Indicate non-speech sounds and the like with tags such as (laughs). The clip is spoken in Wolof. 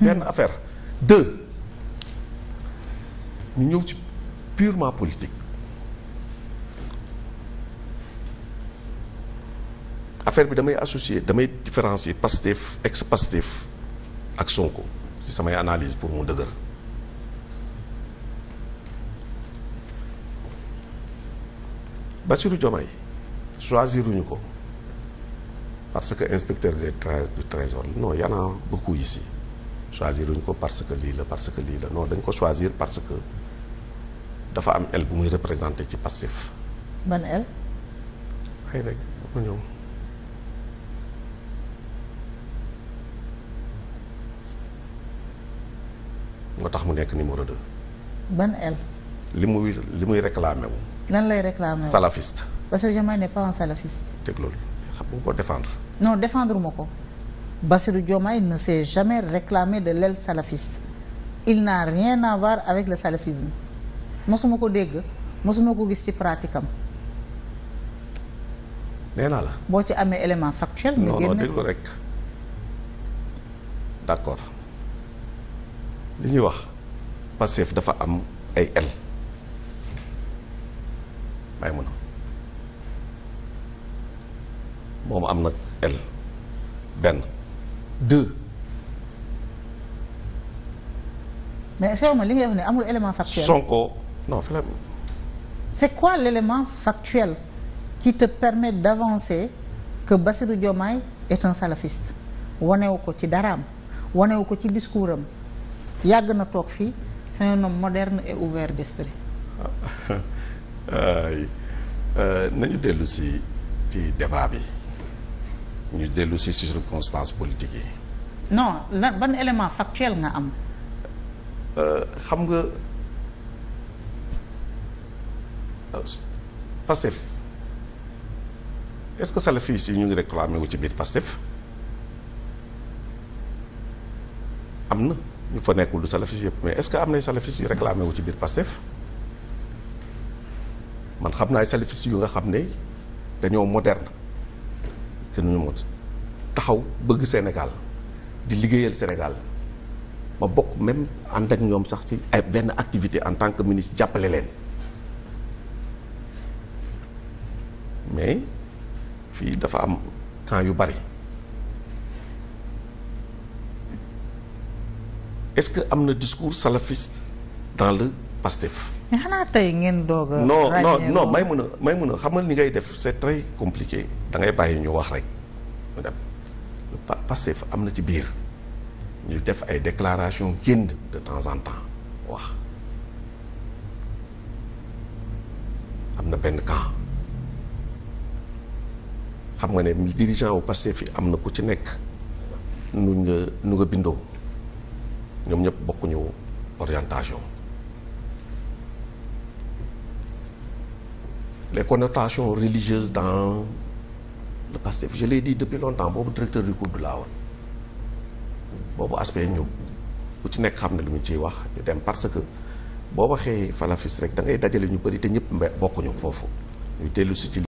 benn affaire deux ñu ñëw ci purement politique affaire bi damay associer damay différencier Pastef ex Pastef ak Sonko si samay analyse pour mu dëgër Bassirou Diomaye choisiruñu ko parce que inspecteur des du trésor non y en a beaucoup choisiruñ ko parce que lii la parce que lii la non dañ ko choisir parce que dafa am aile bu muy représenté ci Pastef. ban aile. ay rek ma ñëw. moo tax mu nekk numéro 2. ban aile. li muy li muy réclamé lan lay réclamé wu salafiste. parce que Diomaye n'est pas un salafiste. teg loolu xam nga ko défendre. non défendre ma ko. Bassirou Diomaye ne s'est jamais réclamé de l'aile salafiste il n'a rien à voir avec le salafisme mosuma ko dégg mosuma ko gis ci pratique am nee naa la boo ci amee élément factuel nga génne non li ñuy wax Pastef dafa am ay aile may mun a moom am na aile benn deux mais Cheikh ma li ngay wax ne amul élément factuel. Sonko non c'est quoi l'élément factuel qui te permet d'avancer que Bassirou Diomaye est un salafiste wanewu ko ci daraam wanewu ko ci discours am yàgg na toog fii c'est un homme moderne et ouvert d'esprit (laughs) euh, nañu dellu si ci débat bi ñu dellu si si circonstances politiques yi. non lan ban élément factuel nga am. Euh, xam nga euh, Pastef est-ce que salafis yi ñu ngi réclamé wu ci biir Pastef am na ñu fa nekkul du salafis yëpp mais est-ce que am nay salafis yu réclamé wu ci biir Pastef man xam naa ay salafis yu nga xam ne dañoo moderne. kenn ñu taxaw bëgg Sénégal di liggéeyal Sénégal ma bokk même ànd ak ñoom sax ci ay benn activité en tant que ministre jàppale leen mais fii dafa am camp yu bari est-ce que am na discours salafiste dans le Pastef. mais xanaa tey ngeen doog a. non non may mun a may mun a xamal ni ngay def c'est très compliqué dangay bàyyi ñu wax rek mu dem Pastef am na ci biir ñu def ay déclaration génn de temps en temps wax am na benn camp xam nga ne dirigeant wu Pastef yi am na ku ci nekk nu nga nu nga bindoo ñoom ñëpp bokkuñu orientation. les connotations religieuses dans le PASTEF je l'ai dit depuis longtemps boobu directeur du COUD laa woon boobu aspect ñëw ku ci nekk xam ne lu mu ciy wax ñu dem parce que boo waxee falafis rek da ngay dajale ñu bëri te ñëpp mbé bokkuñu foofu ñu dellu si ci